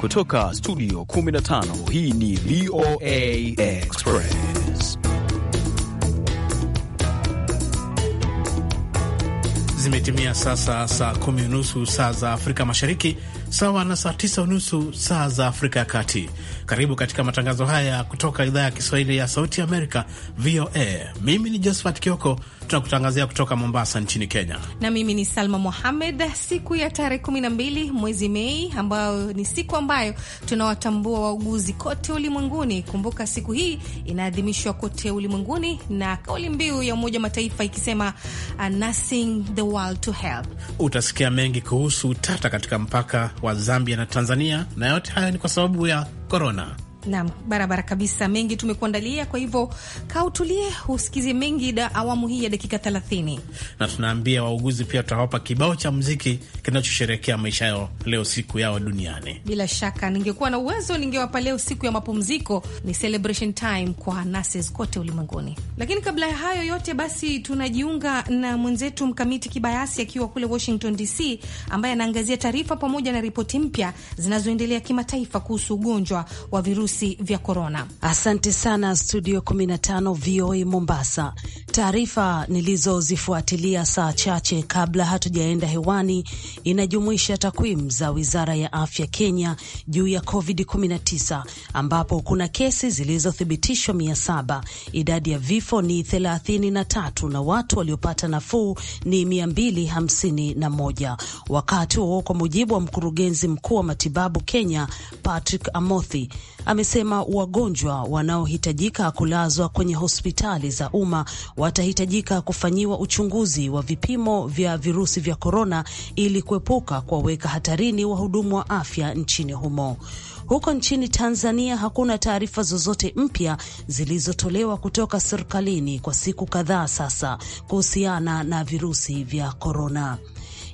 Kutoka studio 15 hii ni VOA Express. Zimetimia sasa saa kumi unusu saa za Afrika Mashariki, sawa na saa tisa unusu saa za Afrika ya Kati. Karibu katika matangazo haya kutoka idhaa ya Kiswahili ya Sauti Amerika, VOA. Mimi ni Josephat Kioko tunakutangazia kutoka Mombasa nchini Kenya, na mimi ni Salma Mohamed. Siku ya tarehe 12 mwezi Mei, ambayo ni siku ambayo tunawatambua wauguzi kote ulimwenguni. Kumbuka siku hii inaadhimishwa kote ulimwenguni na kauli mbiu ya Umoja wa Mataifa ikisema uh, nursing the world to help. Utasikia mengi kuhusu utata katika mpaka wa Zambia na Tanzania, na yote hayo ni kwa sababu ya korona. Naam, barabara kabisa. Mengi tumekuandalia, kwa hivyo kaa utulie, usikize mengi da awamu hii ya dakika 30, na tunaambia wauguzi pia tutawapa kibao cha mziki kinachosherekea maisha yao leo, siku yao duniani. Bila shaka, ningekuwa na uwezo ningewapa leo siku ya mapumziko, ni celebration time kwa nurses kote ulimwenguni. Lakini kabla ya hayo yote, basi tunajiunga na mwenzetu Mkamiti Kibayasi akiwa kule Washington DC, ambaye anaangazia taarifa pamoja na ripoti mpya zinazoendelea kimataifa kuhusu ugonjwa wa virusi virusi vya korona. Asante sana studio 15 VOA Mombasa. Taarifa nilizozifuatilia saa chache kabla hatujaenda hewani inajumuisha takwimu za wizara ya afya Kenya juu ya COVID-19 ambapo kuna kesi zilizothibitishwa 700, idadi ya vifo ni 33 na watu waliopata nafuu ni 251. Wakati huo kwa mujibu wa mkurugenzi mkuu wa matibabu Kenya Patrick Amothi amesema wagonjwa wanaohitajika kulazwa kwenye hospitali za umma watahitajika kufanyiwa uchunguzi wa vipimo vya virusi vya korona ili kuepuka kuwaweka hatarini wahudumu wa afya nchini humo. Huko nchini Tanzania hakuna taarifa zozote mpya zilizotolewa kutoka serikalini kwa siku kadhaa sasa kuhusiana na virusi vya korona.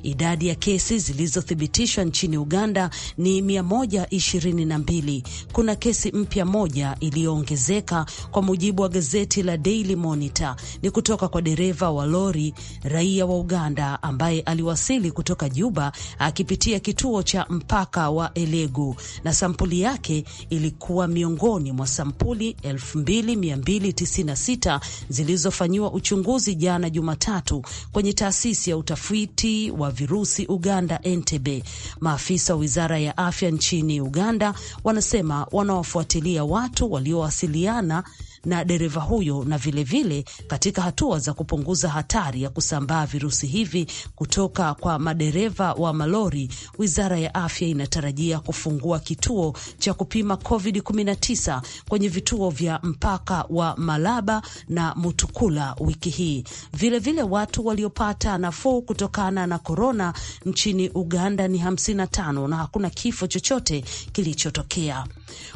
Idadi ya kesi zilizothibitishwa nchini Uganda ni 122. Kuna kesi mpya moja iliyoongezeka, kwa mujibu wa gazeti la Daily Monitor. Ni kutoka kwa dereva wa lori raia wa Uganda ambaye aliwasili kutoka Juba akipitia kituo cha mpaka wa Elegu na sampuli yake ilikuwa miongoni mwa sampuli 2296 zilizofanyiwa uchunguzi jana Jumatatu kwenye taasisi ya utafiti wa virusi Uganda, Entebbe. Maafisa wa wizara ya afya nchini Uganda wanasema wanawafuatilia watu waliowasiliana na dereva huyo na vilevile vile katika hatua za kupunguza hatari ya kusambaa virusi hivi kutoka kwa madereva wa malori, wizara ya afya inatarajia kufungua kituo cha kupima COVID-19 kwenye vituo vya mpaka wa Malaba na Mutukula wiki hii. Vilevile watu waliopata nafuu kutokana na korona nchini Uganda ni 55 na hakuna kifo chochote kilichotokea.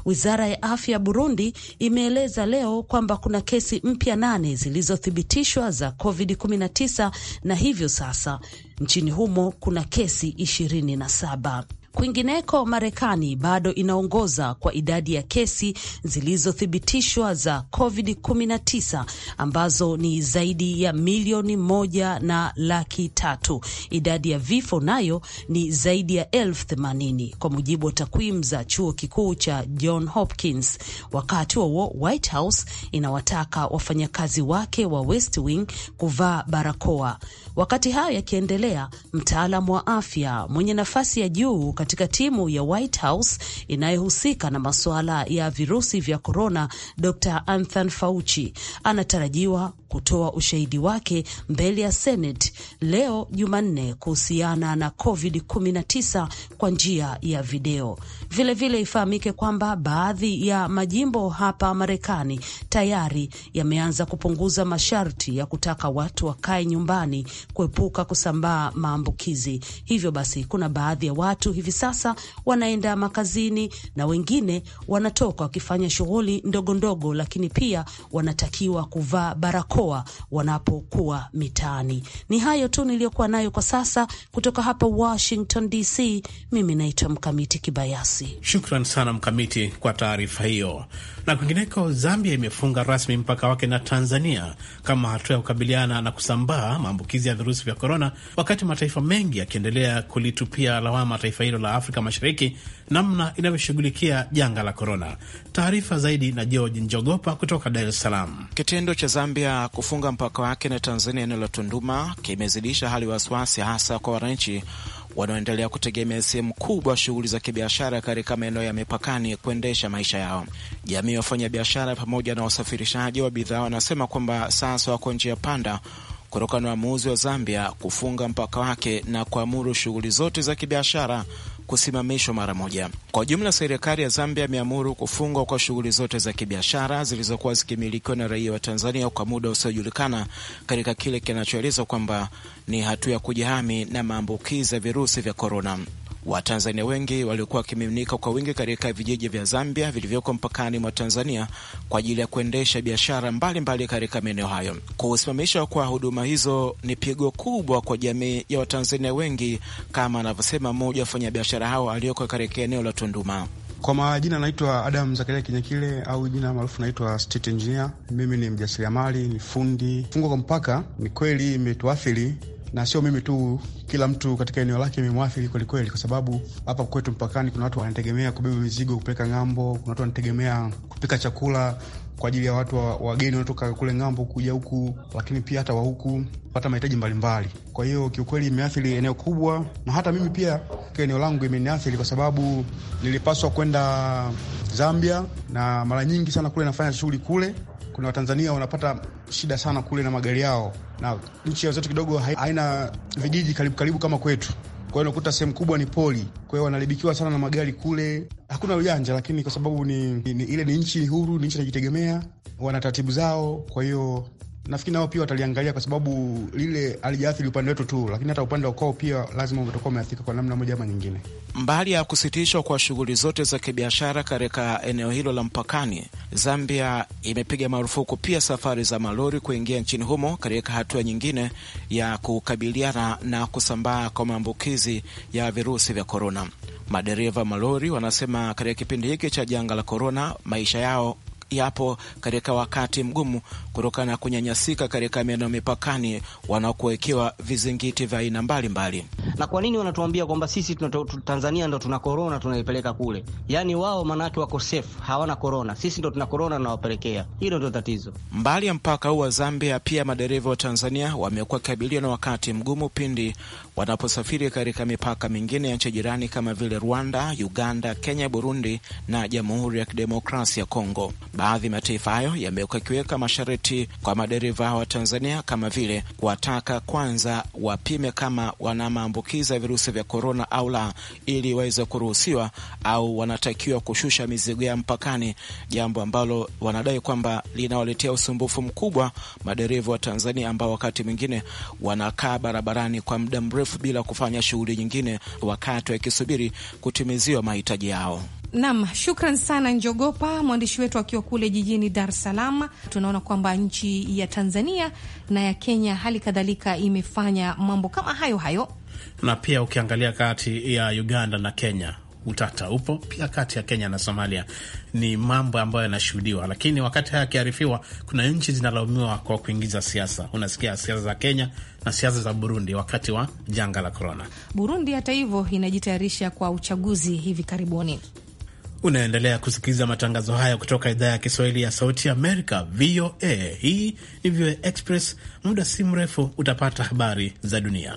Wizara ya afya Burundi imeeleza leo kwamba kuna kesi mpya nane zilizothibitishwa za COVID-19 na hivyo sasa nchini humo kuna kesi ishirini na saba. Kwingineko, Marekani bado inaongoza kwa idadi ya kesi zilizothibitishwa za COVID-19 ambazo ni zaidi ya milioni moja na laki tatu. Idadi ya vifo nayo ni zaidi ya elfu themanini kwa mujibu wa takwimu za chuo kikuu cha John Hopkins. Wakati huo White House inawataka wafanyakazi wake wa West Wing kuvaa barakoa. Wakati hayo yakiendelea, mtaalam wa afya mwenye nafasi ya juu katika timu ya White House inayohusika na masuala ya virusi vya korona, Dr Anthony Fauci anatarajiwa kutoa ushahidi wake mbele ya Seneti leo Jumanne kuhusiana na COVID-19 kwa njia ya video. Vilevile ifahamike kwamba baadhi ya majimbo hapa Marekani tayari yameanza kupunguza masharti ya kutaka watu wakae nyumbani kuepuka kusambaa maambukizi. Hivyo basi, kuna baadhi ya watu hivi sasa wanaenda makazini na wengine wanatoka wakifanya shughuli ndogo ndogo, lakini pia wanatakiwa kuvaa barakoa mikoa wanapokuwa mitaani. Ni hayo tu niliyokuwa nayo kwa sasa kutoka hapa Washington DC. Mimi naitwa Mkamiti Kibayasi. Shukran sana Mkamiti kwa taarifa hiyo. Na kwingineko, Zambia imefunga rasmi mpaka wake na Tanzania kama hatua ya kukabiliana na kusambaa maambukizi ya virusi vya korona, wakati mataifa mengi yakiendelea kulitupia lawama taifa hilo la Afrika Mashariki namna inavyoshughulikia janga la korona. Taarifa zaidi na George Njogopa kutoka Dar es Salaam. Kitendo cha Zambia kufunga mpaka wake na Tanzania eneo la Tunduma kimezidisha hali ya wasiwasi, hasa kwa wananchi wanaoendelea kutegemea sehemu kubwa shughuli za kibiashara katika maeneo ya mipakani kuendesha maisha yao. Jamii ya wafanya biashara pamoja na wasafirishaji wa bidhaa wanasema kwamba sasa wako njia panda kutokana na uamuzi wa Zambia kufunga mpaka wake na kuamuru shughuli zote za kibiashara kusimamishwa mara moja. Kwa jumla serikali ya Zambia imeamuru kufungwa kwa shughuli zote za kibiashara zilizokuwa zikimilikiwa na raia wa Tanzania kwa muda usiojulikana katika kile kinachoelezwa kwamba ni hatua ya kujihami na maambukizi ya virusi vya korona. Watanzania wengi waliokuwa wakimiminika kwa wingi katika vijiji vya Zambia vilivyoko mpakani mwa Tanzania kwa ajili ya kuendesha biashara mbalimbali katika maeneo hayo. Kusimamishwa kwa huduma hizo ni pigo kubwa kwa jamii ya Watanzania wengi, kama anavyosema mmoja wa wafanyabiashara hao aliyoko katika eneo la Tunduma. Kwa majina naitwa Adam Zakaria Kinyakile au jina maarufu naitwa Engineer. Mimi ni mjasiriamali, ni fundi. Fungo kwa mpaka ni kweli imetuathiri na sio mimi tu, kila mtu katika eneo lake imemwathiri kwelikweli, kwa sababu hapa kwetu mpakani kuna watu wanategemea kubeba mizigo kupeleka ng'ambo, kuna watu wanategemea kupika chakula kwa ajili ya watu wageni wa wanatoka kule ng'ambo kuja huku, lakini pia hata wa huku pata mahitaji mbalimbali. Kwa hiyo kiukweli imeathiri eneo kubwa, na hata mimi pia eneo langu imeniathiri kwa sababu nilipaswa kwenda Zambia, na mara nyingi sana kule nafanya shughuli kule kuna Watanzania wanapata shida sana kule na magari yao, na nchi ya zetu kidogo haina vijiji karibu karibu kama kwetu. Kwa hiyo unakuta sehemu kubwa ni poli, kwa hiyo wanaribikiwa sana na magari kule. Hakuna ujanja, lakini kwa sababu ni, ni, ile ni nchi huru, ni nchi inajitegemea, wana taratibu zao, kwa hiyo nafikiri nao pia wataliangalia kwa sababu lile alijaathiri upande wetu tu, lakini hata upande wa kwao pia lazima utakuwa umeathirika kwa namna moja ama nyingine. Mbali ya kusitishwa kwa shughuli zote za kibiashara katika eneo hilo la mpakani, Zambia imepiga marufuku pia safari za malori kuingia nchini humo katika hatua nyingine ya kukabiliana na kusambaa kwa maambukizi ya virusi vya korona. Madereva malori wanasema katika kipindi hiki cha janga la korona maisha yao yapo katika wakati mgumu kutokana na kunyanyasika katika maeneo mipakani wanakuwekewa vizingiti vya aina mbalimbali. Na kwa nini wanatuambia kwamba sisi Tanzania ndo tuna korona tunaipeleka kule? Yaani wao maanake wako safe, hawana korona, sisi ndo tuna korona tunawapelekea. Hilo ndo tatizo. Mbali ya mpaka huu wa Zambia, pia madereva wa Tanzania wamekuwa kabiliwa na wakati mgumu pindi wanaposafiri katika mipaka mingine ya nchi jirani kama vile Rwanda, Uganda, Kenya, Burundi na Jamhuri ya Kidemokrasia ya Kongo. Baadhi ya mataifa hayo yamekuwa yakiweka masharti kwa madereva wa Tanzania kama vile kuwataka kwanza wapime kama wana maambukizi ya virusi vya korona au la, ili waweze kuruhusiwa au wanatakiwa kushusha mizigo ya mpakani, jambo ambalo wanadai kwamba linawaletea usumbufu mkubwa madereva wa Tanzania ambao wakati mwingine wanakaa barabarani kwa muda mrefu bila kufanya shughuli nyingine wakati wakisubiri kutimiziwa mahitaji yao. Nam, shukran sana Njogopa, mwandishi wetu akiwa kule jijini Dar es Salaam. Tunaona kwamba nchi ya Tanzania na ya Kenya hali kadhalika imefanya mambo kama hayo hayo, na pia ukiangalia kati ya Uganda na Kenya utata upo pia kati ya Kenya na Somalia. Ni mambo ambayo yanashuhudiwa, lakini wakati haya akiharifiwa kuna nchi zinalaumiwa kwa kuingiza siasa. Unasikia siasa za Kenya na siasa za Burundi wakati wa janga la korona. Burundi hata hivyo inajitayarisha kwa uchaguzi hivi karibuni. Unaendelea kusikiliza matangazo haya kutoka idhaa ya Kiswahili ya Sauti Amerika, VOA. Hii ni VOA Express. Muda si mrefu utapata habari za dunia.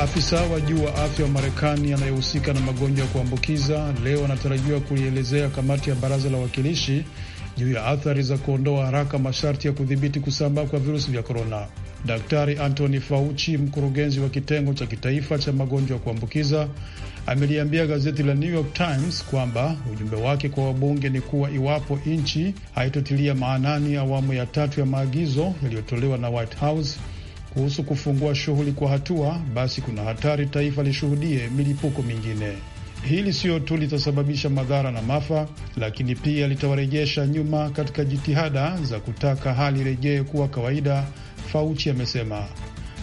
Afisa wa juu wa afya wa Marekani anayehusika na magonjwa ya kuambukiza leo anatarajiwa kuielezea kamati ya baraza la wawakilishi juu ya athari za kuondoa haraka masharti ya kudhibiti kusambaa kwa virusi vya korona. Daktari Anthony Fauci, mkurugenzi wa kitengo cha kitaifa cha magonjwa ya kuambukiza, ameliambia gazeti la New York Times kwamba ujumbe wake kwa wabunge ni kuwa iwapo nchi haitotilia maanani awamu ya tatu ya maagizo yaliyotolewa na White House kuhusu kufungua shughuli kwa hatua, basi kuna hatari taifa lishuhudie milipuko mingine. Hili sio tu litasababisha madhara na maafa, lakini pia litawarejesha nyuma katika jitihada za kutaka hali rejee kuwa kawaida, Fauchi amesema.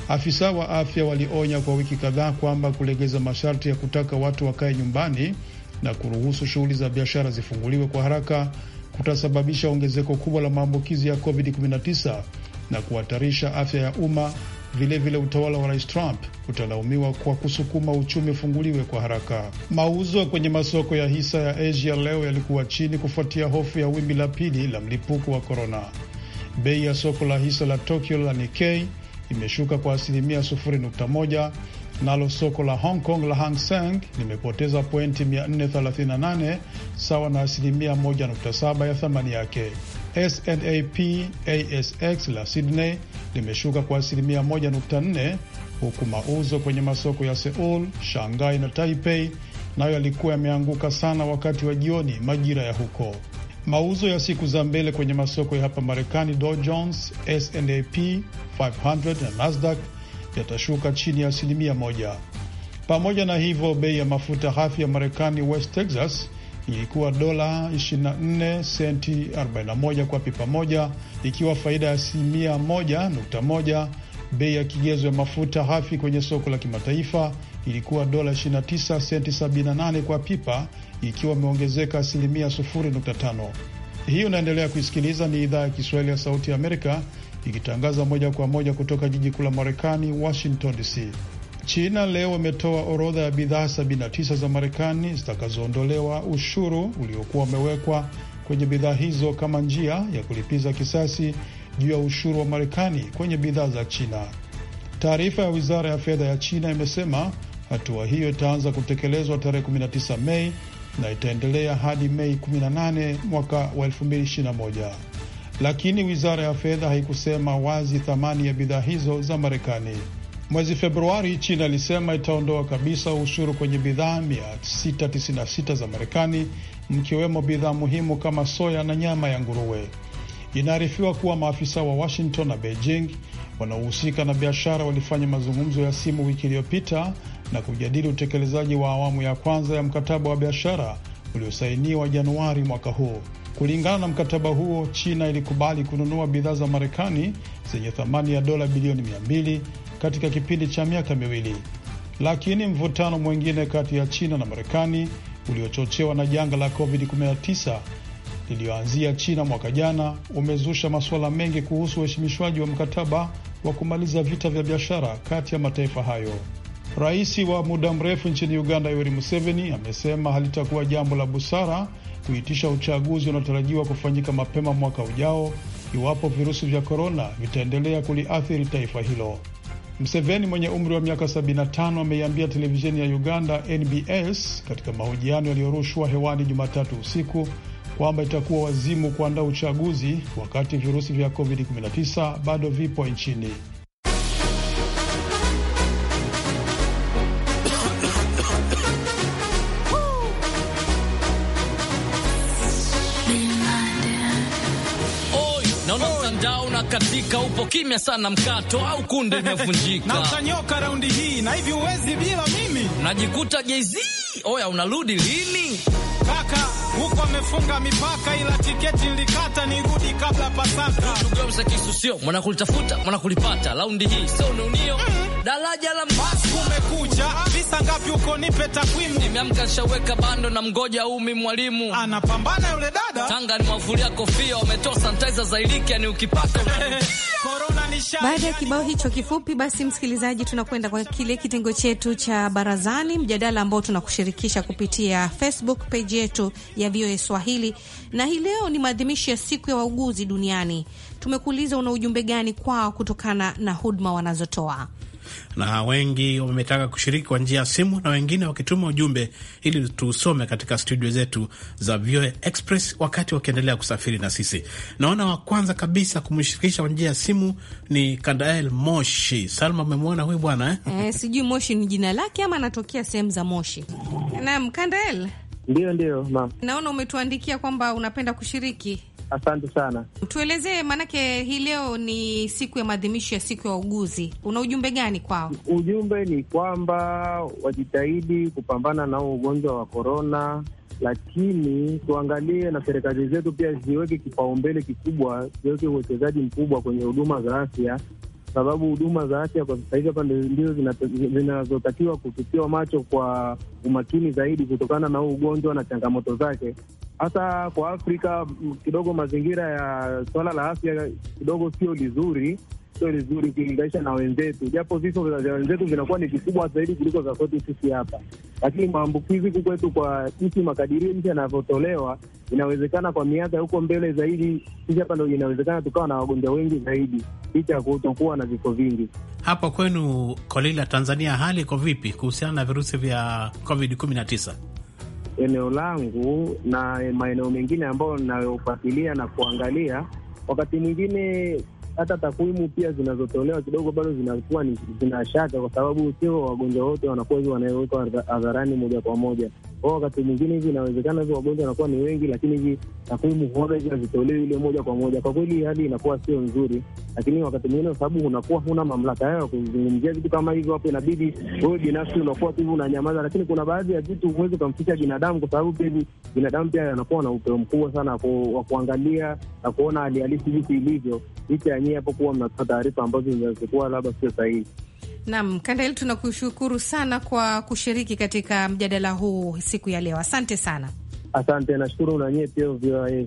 Afisa wa afya walionya kwa wiki kadhaa kwamba kulegeza masharti ya kutaka watu wakae nyumbani na kuruhusu shughuli za biashara zifunguliwe kwa haraka kutasababisha ongezeko kubwa la maambukizi ya COVID-19 na kuhatarisha afya ya umma Vilevile vile utawala wa rais Trump utalaumiwa kwa kusukuma uchumi ufunguliwe kwa haraka. Mauzo kwenye masoko ya hisa ya Asia leo yalikuwa chini kufuatia hofu ya wimbi la pili la mlipuko wa korona. Bei ya soko la hisa la Tokyo la Nikkei imeshuka kwa asilimia 0.1, nalo soko la Hong Kong la Hang Seng limepoteza pointi 438 sawa na asilimia 1.7 ya thamani yake. SNAP ASX la Sydney limeshuka kwa asilimia 1.4 huku mauzo kwenye masoko ya Seul, Shanghai na Taipei nayo yalikuwa yameanguka sana wakati wa jioni majira ya huko. Mauzo ya siku za mbele kwenye masoko ya hapa Marekani, Dow Jones, SNAP 500 na Nasdaq yatashuka chini ya asilimia moja. Pamoja na hivyo, bei ya mafuta hafi ya Marekani West Texas ilikuwa dola 24 senti 41 kwa pipa moja, ikiwa faida ya asilimia 1.1. Bei ya kigezo ya mafuta hafi kwenye soko la kimataifa ilikuwa dola 29 senti 78 kwa pipa, ikiwa imeongezeka asilimia 0.5. Hii unaendelea kuisikiliza, ni idhaa ya Kiswahili ya Sauti ya Amerika ikitangaza moja kwa moja kutoka jiji kuu la Marekani, Washington DC. China leo wametoa orodha ya bidhaa 79 za Marekani zitakazoondolewa ushuru uliokuwa umewekwa kwenye bidhaa hizo kama njia ya kulipiza kisasi juu ya ushuru wa Marekani kwenye bidhaa za China. Taarifa ya wizara ya fedha ya China imesema hatua hiyo itaanza kutekelezwa tarehe 19 Mei na itaendelea hadi Mei 18 mwaka wa 2021, lakini wizara ya fedha haikusema wazi thamani ya bidhaa hizo za Marekani. Mwezi Februari, China ilisema itaondoa kabisa ushuru kwenye bidhaa 696 za Marekani, mkiwemo bidhaa muhimu kama soya na nyama ya nguruwe. Inaarifiwa kuwa maafisa wa Washington na Beijing wanaohusika na biashara walifanya mazungumzo ya simu wiki iliyopita na kujadili utekelezaji wa awamu ya kwanza ya mkataba wa biashara uliosainiwa Januari mwaka huu. Kulingana na mkataba huo, China ilikubali kununua bidhaa za Marekani zenye thamani ya dola bilioni katika kipindi cha miaka miwili, lakini mvutano mwingine kati ya China na Marekani uliochochewa na janga la COVID-19 liliyoanzia China mwaka jana umezusha masuala mengi kuhusu uheshimishwaji wa mkataba wa kumaliza vita vya biashara kati ya mataifa hayo. Rais wa muda mrefu nchini Uganda Yoweri Museveni amesema halitakuwa jambo la busara kuitisha uchaguzi unaotarajiwa kufanyika mapema mwaka ujao iwapo virusi vya korona vitaendelea kuliathiri taifa hilo. Mseveni mwenye umri wa miaka 75 ameiambia televisheni ya Uganda NBS katika mahojiano yaliyorushwa hewani Jumatatu usiku kwamba itakuwa wazimu kuandaa uchaguzi wakati virusi vya COVID-19 bado vipo nchini. mtandao na katika upo kimya sana, mkato au kunde imevunjika na utanyoka raundi hii, na hivi uwezi bila mimi, najikuta JZ, oya unarudi lini kaka? Huko amefunga mipaka, ila tiketi nilikata nirudi kabla Pasaka. Kisusio mwana kulitafuta mwana kulipata, raundi hii sio nunio mm. Daraja la Mask umekuja, visa ngapi huko? Nipe takwimu. Nimeamka shaweka bando na mgoja umi, mwalimu anapambana yule dada Tanga, ni nimewavulia kofia, wametoa sanitizer za iliki, yani ukipaka Baada ya kibao hicho kifupi, basi msikilizaji, tunakwenda kwa kile kitengo chetu cha barazani, mjadala ambao tunakushirikisha kupitia Facebook page yetu ya VOA Swahili, na hii leo ni maadhimisho ya siku ya wauguzi duniani. Tumekuuliza una ujumbe gani kwao kutokana na huduma wanazotoa na wengi wametaka kushiriki kwa njia ya simu na wengine wakituma ujumbe ili tusome katika studio zetu za VOA Express wakati wakiendelea kusafiri na sisi. Naona wa kwanza kabisa kumshirikisha kwa njia ya simu ni Kandael Moshi. Salma, umemwona huyu bwana eh? Eh, sijui Moshi ni jina lake ama anatokea sehemu za Moshi. Naam, Kandael. Ndio, ndio, Naona umetuandikia kwamba unapenda kushiriki Asante sana. Tuelezee, maanake hii leo ni siku ya maadhimisho ya siku ya uguzi, una ujumbe gani kwao? Ujumbe ni kwamba wajitahidi kupambana na ugonjwa wa korona, lakini tuangalie na serikali zetu pia ziweke kipaumbele kikubwa, ziweke uwekezaji mkubwa kwenye huduma za afya sababu huduma za afya kwa sasa hivi hapa ndio zinazotakiwa kututiwa macho kwa umakini zaidi, kutokana na huu ugonjwa na changamoto zake, hasa kwa Afrika. Kidogo mazingira ya swala la afya kidogo sio lizuri, sio vizuri ukilinganisha na wenzetu, japo vifo vya wenzetu vinakuwa ni vikubwa zaidi kuliko za kwetu sisi hapa, lakini maambukizi huku kwetu, kwa jinsi makadirio mpya yanavyotolewa, inawezekana kwa miaka huko mbele zaidi, sisi hapa ndo inawezekana tukawa na wagonjwa wengi zaidi, licha ya kutokuwa na vifo vingi. Hapa kwenu Kolila, Tanzania, hali iko vipi kuhusiana na virusi vya COVID 19? Eneo langu na maeneo mengine ambayo inayofuatilia na kuangalia, wakati mwingine hata takwimu pia zinazotolewa kidogo bado zinakuwa ni kwa sababu sio wagonjwa wote wanakuwa hivyo wanawekwa hadharani moja kwa moja. Kwa wakati mwingine hivi inawezekana hivi wagonjwa wanakuwa ni wengi, lakini hivi takwimu huaga hivi hazitolewi ile moja kwa moja. Kwa kweli hali inakuwa sio nzuri, lakini wakati mwingine kwa sababu unakuwa huna mamlaka yao kuzungumzia vitu kama hivyo, hapo inabidi wewe binafsi unakuwa tu unanyamaza, lakini kuna baadhi ya vitu huwezi ukamficha binadamu, kwa sababu pia hivi binadamu pia anakuwa na upeo mkubwa sana wa kuangalia na kuona hali halisi jinsi ilivyo, licha ya nyie hapo kuwa mnatoa taarifa ambazo zinazokuwa labda sio sahihi. Nam Kandel, tunakushukuru sana kwa kushiriki katika mjadala huu siku ya leo. Asante sana. Asante, nashukuru na nyie pia VOA.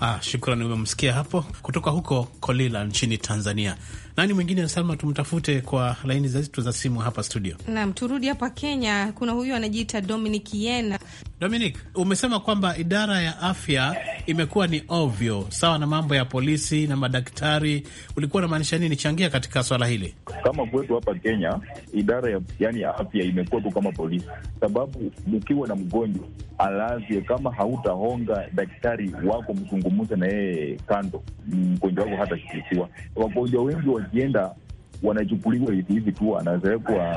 Ah, shukrani. Umemsikia hapo kutoka huko Kolila nchini Tanzania. Nani mwingine Salma, tumtafute kwa laini zetu za simu hapa studio. Naam, turudi hapa Kenya. Kuna huyu anajiita Dominic Yena. Dominic, umesema kwamba idara ya afya imekuwa ni ovyo sawa na mambo ya polisi na madaktari, ulikuwa unamaanisha nini? Changia katika swala hili. Kama kwetu hapa Kenya, idara ya yani ya afya imekuwa tu kama polisi, sababu ukiwa na mgonjwa alazie, kama hautahonga daktari wako mzungumuze na yeye kando, mgonjwa wako hata shughulikiwa. Wagonjwa wengi wa wakienda wanachukuliwa hivi hivi tu, anaweza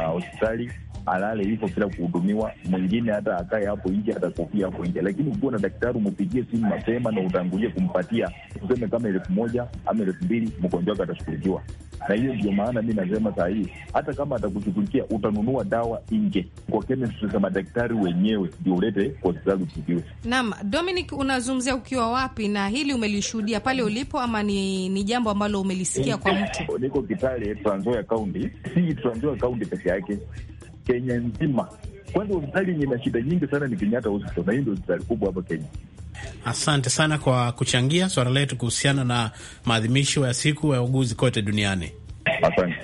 hospitali alale hivyo bila kuhudumiwa, mwingine hata akae hapo nje, atakofia hapo nje. Lakini ukiwa na daktari, umpigie simu mapema na utangulie kumpatia tuseme kama elfu moja ama elfu mbili, mgonjwa wake atashughulikiwa. Na hiyo ndio maana mi nasema saa hii, hata kama atakushughulikia utanunua dawa nje kwa chemistry za madaktari wenyewe, ndio ulete kwa hospitali utibiwe. Naam, Dominic, unazungumzia ukiwa wapi na hili umelishuhudia pale ulipo ama ni, ni jambo ambalo umelisikia kwa mtu? Niko Kitale, Trans Nzoia County, si Trans Nzoia County peke yake Kenya nzima. Kwanza hospitali yenye na shida nyingi sana ni Kenyatta Hospital, na hii ndio hospitali kubwa hapa Kenya. Asante sana kwa kuchangia swala letu kuhusiana na maadhimisho ya siku ya uguzi kote duniani. Asante.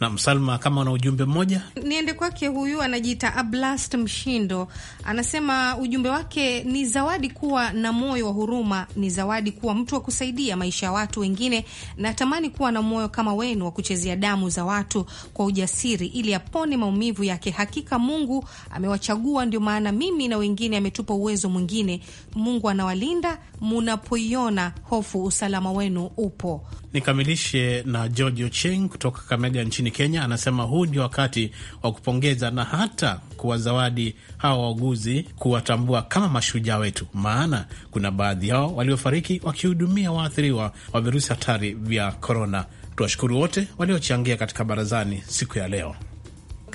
Na Msalma kama na ujumbe mmoja, niende kwake. Huyu anajiita Ablast Mshindo, anasema ujumbe wake ni zawadi kuwa na moyo wa huruma, ni zawadi kuwa mtu wa kusaidia maisha ya watu wengine. Natamani kuwa na moyo kama wenu wa kuchezea damu za watu kwa ujasiri, ili apone maumivu yake. Hakika Mungu amewachagua, ndio maana mimi na wengine ametupa uwezo mwingine. Mungu anawalinda munapoiona hofu, usalama wenu upo. Nikamilishe na George Ocheng kutoka Kamega nchini nchini Kenya anasema huu ndio wakati wa kupongeza na hata kuwazawadi hawa wauguzi, kuwatambua kama mashujaa wetu, maana kuna baadhi yao waliofariki wakihudumia waathiriwa wa virusi hatari vya korona. Tuwashukuru wote waliochangia katika barazani siku ya leo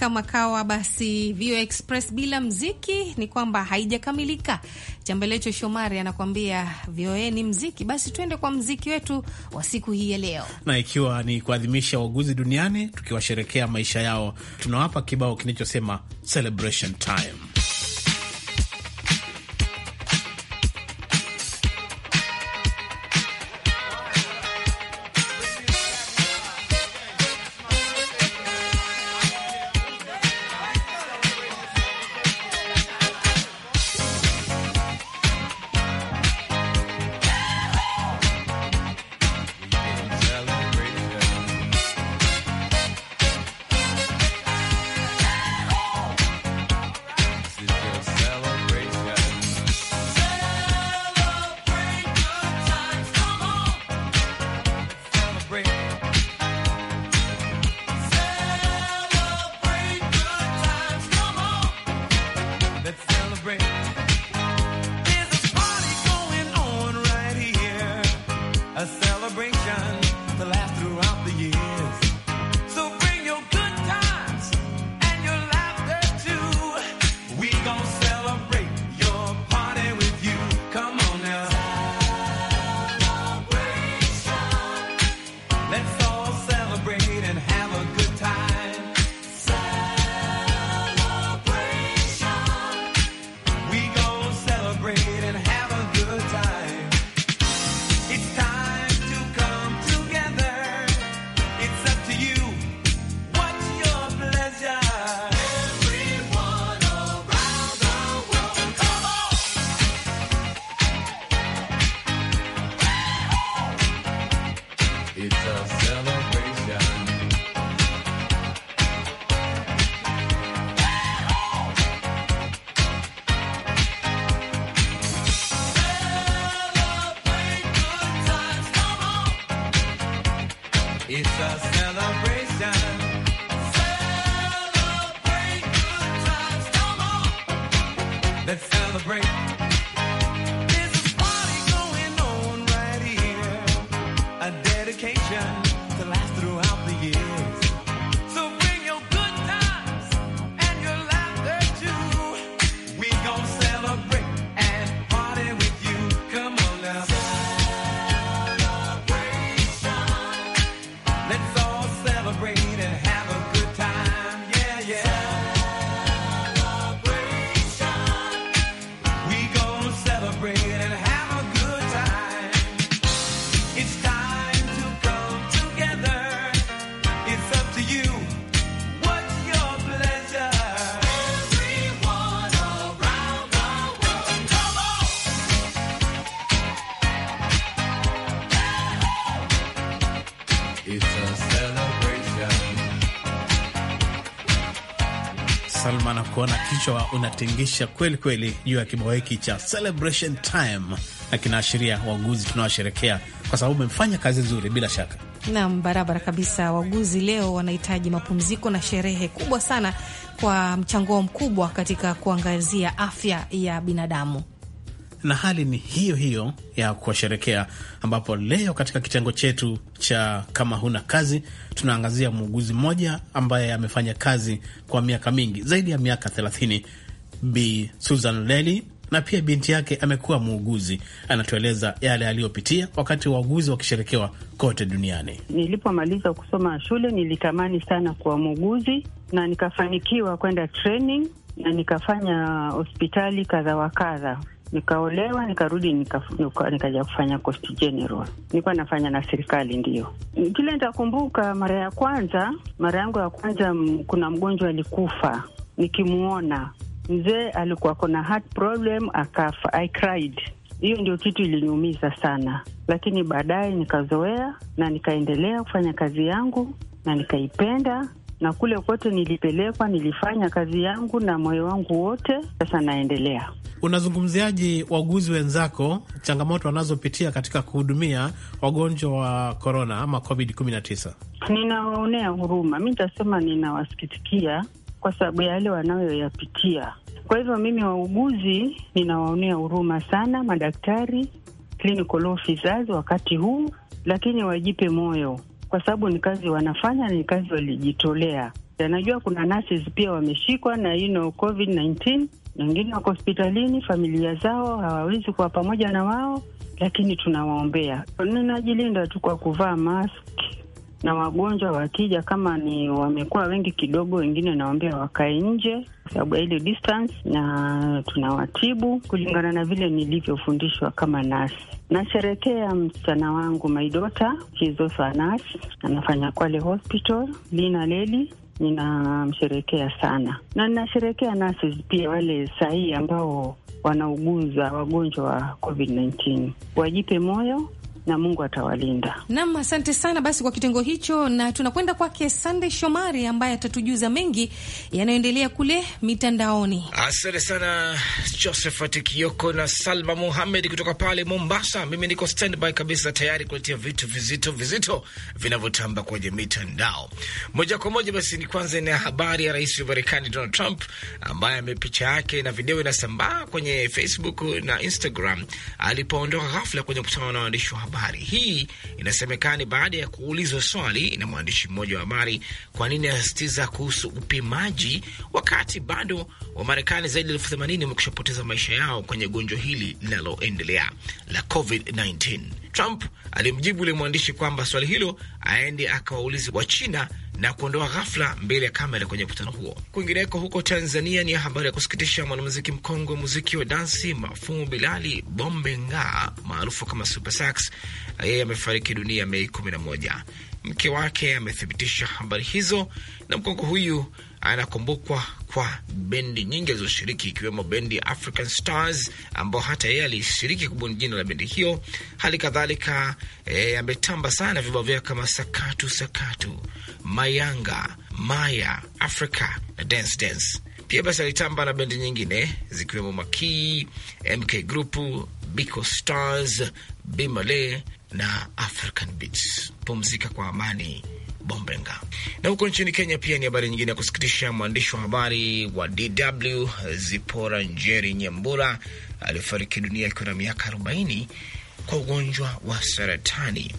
kama kawa, basi Vio Express bila mziki ni kwamba haijakamilika. Chambelecho Shomari anakuambia VOA ni mziki, basi tuende kwa mziki wetu wa siku hii ya leo, na ikiwa ni kuadhimisha wauguzi duniani, tukiwasherekea maisha yao, tunawapa kibao kinachosema celebration time. Let's celebrate. There's a party going on right here. A dedication. Salma, na kuona kichwa unatingisha kweli kweli juu ya kibao hiki cha celebration time, na kinaashiria wauguzi tunawasherekea kwa sababu umefanya kazi nzuri bila shaka. Naam, barabara kabisa. Wauguzi leo wanahitaji mapumziko na sherehe kubwa sana kwa mchango mkubwa katika kuangazia afya ya binadamu na hali ni hiyo hiyo ya kuwasherekea, ambapo leo katika kitengo chetu cha kama huna kazi tunaangazia muuguzi mmoja ambaye amefanya kazi kwa miaka mingi zaidi ya miaka thelathini, Bi Susan Leli na pia binti yake amekuwa muuguzi. Anatueleza yale aliyopitia wakati wauguzi wakisherekewa kote duniani. Nilipomaliza kusoma shule, nilitamani sana kuwa muuguzi na nikafanikiwa kwenda training na nikafanya hospitali kadha wa kadha nikaolewa, nikarudi nikaja nika kufanya Coast General, nilikuwa nafanya na serikali. Ndio kile nitakumbuka mara ya kwanza, mara yangu ya kwanza, kuna mgonjwa alikufa, nikimwona mzee alikuwa kona heart problem akafa. I cried. Hiyo ndio kitu iliniumiza sana, lakini baadaye nikazoea na nikaendelea kufanya kazi yangu na nikaipenda na kule kote nilipelekwa, nilifanya kazi yangu na moyo wangu wote. Sasa naendelea. Unazungumziaji wauguzi wenzako, changamoto wanazopitia katika kuhudumia wagonjwa wa korona ama covid 19? Ninawaonea huruma, mi nitasema ninawasikitikia kwa sababu ya yale wanayoyapitia. Kwa hivyo mimi wauguzi ninawaonea huruma sana, madaktari, clinical officers wakati huu, lakini wajipe moyo kwa sababu ni kazi wanafanya, ni kazi walijitolea. Najua kuna nurses pia wameshikwa na you know, covid 19 wengine wako hospitalini, familia zao hawawezi kuwa pamoja na wao, lakini tunawaombea. Ninajilinda tu kwa kuvaa mask na wagonjwa wakija, kama ni wamekuwa wengi kidogo, wengine nawaambia wakae nje kwa sababu ya ile distance, na tunawatibu kulingana na vile nilivyofundishwa kama nasi. Nasherekea msichana wangu maidota kizosanas anafanya Kwale Hospital, Lina Leli ninamsherekea sana na ninasherekea nurses pia, wale sahii ambao wanauguza wagonjwa wa COVID-19 wajipe moyo, na Mungu atawalinda. Naam, asante sana basi kwa kitengo hicho, na tunakwenda kwake Sande Shomari ambaye atatujuza mengi yanayoendelea kule mitandaoni. Asante sana Josephat Kioko na Salma Muhamed kutoka pale Mombasa. Mimi niko standby kabisa, tayari kuletea vitu vizito vizito vinavyotamba kwenye mitandao moja kwa moja. Basi ni kwanza na habari ya rais wa Marekani Donald Trump ambaye picha yake na video inasambaa kwenye Facebook na Instagram alipoondoka ghafla kwenye mkutano na waandishi wa habari. Hii inasemekana baada ya kuulizwa swali na mwandishi mmoja wa habari, kwa nini anasisitiza kuhusu upimaji wakati bado Marekani zaidi ya elfu themanini wamekushapoteza maisha yao kwenye gonjwa hili linaloendelea la COVID-19. Trump alimjibu yule mwandishi kwamba swali hilo aende akawaulizi wa China na kuondoa ghafla mbele ya kamera kwenye mkutano huo. Kwingineko huko Tanzania, ni habari ya kusikitisha. Mwanamuziki mkongwe muziki wa dansi Mafumu Bilali Bombe Nga, maarufu kama Super Sax, yeye amefariki dunia Mei 11. Mke wake amethibitisha habari hizo, na mkongwe huyu anakumbukwa kwa bendi nyingi alizoshiriki ikiwemo bendi ya African Stars ambao hata yeye alishiriki kubuni jina la bendi hiyo. Hali kadhalika e, ametamba sana vibao vyake kama Sakatu Sakatu, Mayanga, Maya, Africa na Dance Dance. Pia basi alitamba na bendi nyingine zikiwemo Makii, MK Group, Biko Stars, Bimale na African Beats. Pumzika kwa amani. Bombenga. Na huko nchini Kenya pia ni habari nyingine ya kusikitisha. Mwandishi wa habari wa DW Zipora Njeri Nyambura alifariki dunia akiwa na miaka 40 kwa ugonjwa wa saratani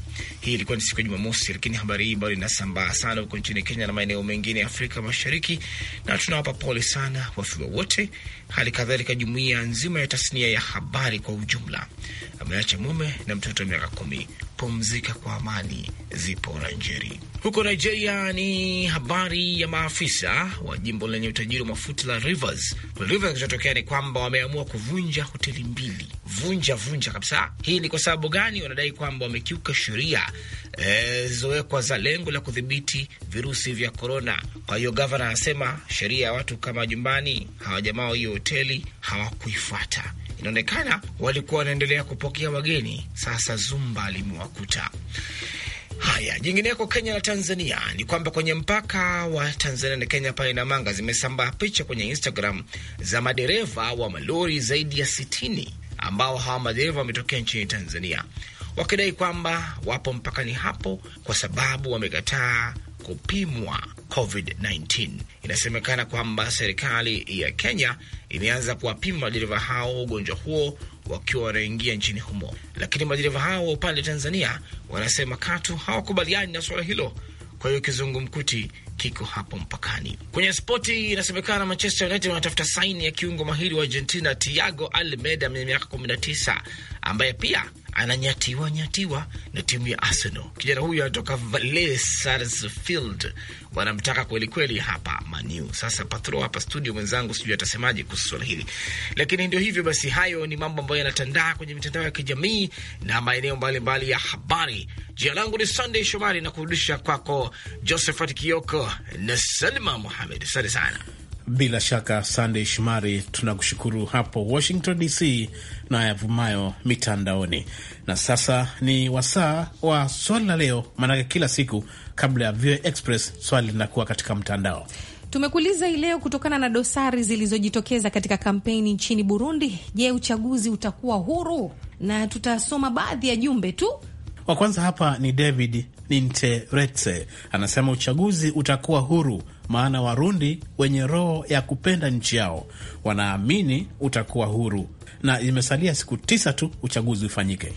hii ilikuwa ni siku ya Jumamosi, lakini habari hii bado inasambaa sana huko nchini Kenya na maeneo mengine ya Afrika Mashariki, na tunawapa pole sana wafiwa wote, hali kadhalika jumuiya nzima ya tasnia ya habari kwa ujumla. Ameacha mume na mtoto wa miaka kumi. Pumzika kwa amani, zipo Nigeria. Huko Nigeria ni habari ya maafisa wa jimbo lenye utajiri wa mafuta la Rivers. Rivers kinachotokea ni kwamba wameamua kuvunja hoteli mbili, vunja vunja kabisa. Hii ni kwa sababu gani? Wanadai kwamba wamekiuka sheria e, za lengo la kudhibiti virusi vya korona. Kwa hiyo gavana anasema sheria ya watu kama nyumbani hawajamaa hiyo hoteli hawakuifuata. Inaonekana walikuwa wanaendelea kupokea wageni, sasa zumba limewakuta. Haya, jingineko Kenya na Tanzania ni kwamba kwenye mpaka wa Tanzania na Kenya pale Namanga, zimesambaa picha kwenye Instagram za madereva wa malori zaidi ya 60 ambao hawa madereva wametokea nchini Tanzania wakidai kwamba wapo mpakani hapo kwa sababu wamekataa kupimwa COVID-19. Inasemekana kwamba serikali ya Kenya imeanza kuwapima madereva hao ugonjwa huo wakiwa wanaingia nchini humo, lakini madereva hao wa upande wa Tanzania wanasema katu hawakubaliani na suala hilo. Kwa hiyo kizungumkuti kiko hapo mpakani. Kwenye spoti, inasemekana Manchester United wanatafuta saini ya kiungo mahiri wa Argentina tiago Almeda mwenye miaka 19 ambaye pia ananyatiwa nyatiwa na timu ya Arsenal. Kijana huyu anatoka Vales Sarsfield, wanamtaka kwelikweli hapa Maniu. Sasa Patro hapa studio mwenzangu, sijui atasemaje kuhusu swala hili, lakini ndio hivyo basi. Hayo ni mambo ambayo yanatandaa kwenye mitandao ya kijamii na maeneo mbalimbali ya habari. Jina langu ni Sunday Shomari na kurudisha kwako Josephat Kioko na Salma Muhamed. Asante sana. Bila shaka Sandey shumari tunakushukuru hapo Washington DC na yavumayo mitandaoni. Na sasa ni wasaa wa swali la leo, maanake kila siku kabla ya VOA Express swali linakuwa katika mtandao. Tumekuuliza hii leo kutokana na dosari zilizojitokeza katika kampeni nchini Burundi. Je, uchaguzi utakuwa huru? Na tutasoma baadhi ya jumbe tu. Wa kwanza hapa ni David Ninteretse anasema uchaguzi utakuwa huru maana Warundi wenye roho ya kupenda nchi yao wanaamini utakuwa huru na imesalia siku tisa tu uchaguzi ufanyike.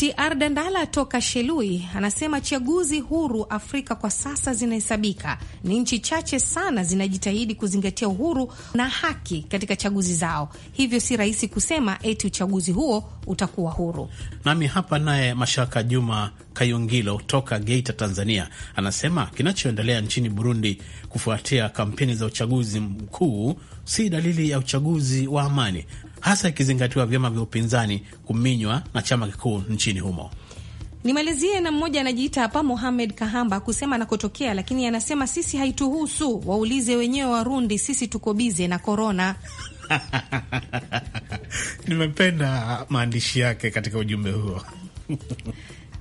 TR Dandala toka Shelui anasema chaguzi huru Afrika kwa sasa zinahesabika. Ni nchi chache sana zinajitahidi kuzingatia uhuru na haki katika chaguzi zao, hivyo si rahisi kusema eti uchaguzi huo utakuwa huru. Nami hapa naye Mashaka Juma Kayungilo toka Geita, Tanzania, anasema kinachoendelea nchini Burundi kufuatia kampeni za uchaguzi mkuu si dalili ya uchaguzi wa amani, hasa ikizingatiwa vyama vya upinzani kuminywa na chama kikuu nchini humo. Nimalizie na mmoja anajiita hapa muhamed Kahamba kusema anakotokea, lakini anasema sisi haituhusu, waulize wenyewe Warundi, sisi tuko bize na korona. Nimependa maandishi yake katika ujumbe huo.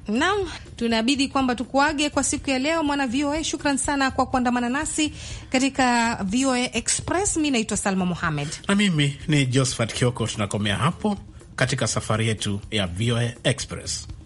Naam, tunabidi kwamba tukuage kwa siku ya leo, mwana VOA. Shukran sana kwa kuandamana nasi katika VOA Express. Mi naitwa Salma Muhamed na mimi ni Josephat Kioko. Tunakomea hapo katika safari yetu ya VOA Express.